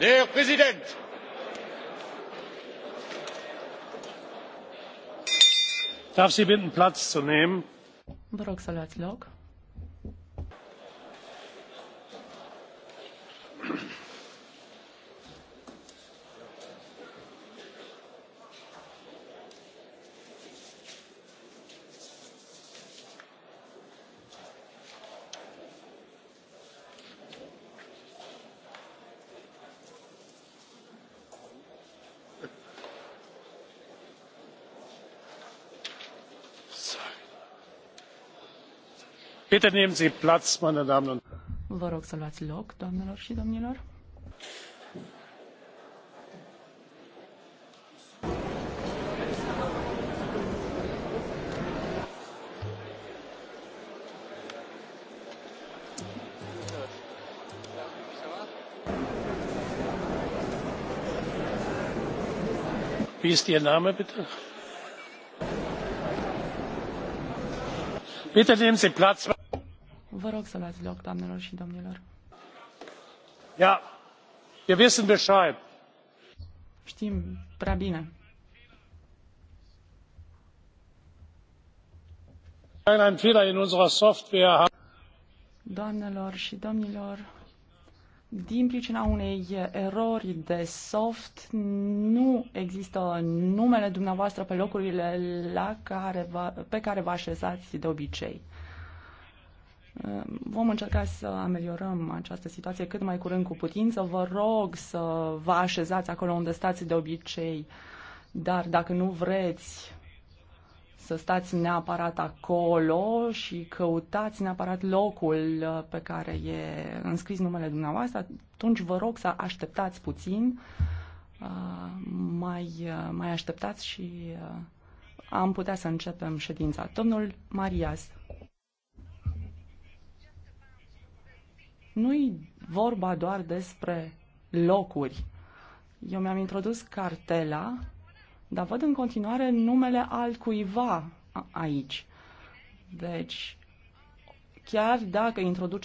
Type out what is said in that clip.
herr präsident! ich darf sie bitten platz zu nehmen. platz. bitte nehmen sie platz meine damen und Vă rog să luați loc, doamnelor și domnilor. Wie ist Ihr Name, bitte? Bitte nehmen Sie Platz. Vă rog să luați loc, doamnelor și domnilor. Ja, wir wissen Bescheid. Știm prea bine. Doamnelor și domnilor, din pricina unei erori de soft, nu există numele dumneavoastră pe locurile la care va, pe care vă așezați de obicei. Vom încerca să ameliorăm această situație cât mai curând cu putință. Vă rog să vă așezați acolo unde stați de obicei, dar dacă nu vreți, să stați neapărat acolo și căutați neapărat locul uh, pe care e înscris numele dumneavoastră, atunci vă rog să așteptați puțin, uh, mai, uh, mai așteptați și am putea să începem ședința. Domnul Marias. Nu-i vorba doar despre locuri. Eu mi-am introdus cartela dar văd în continuare numele altcuiva aici. Deci, chiar dacă introduc.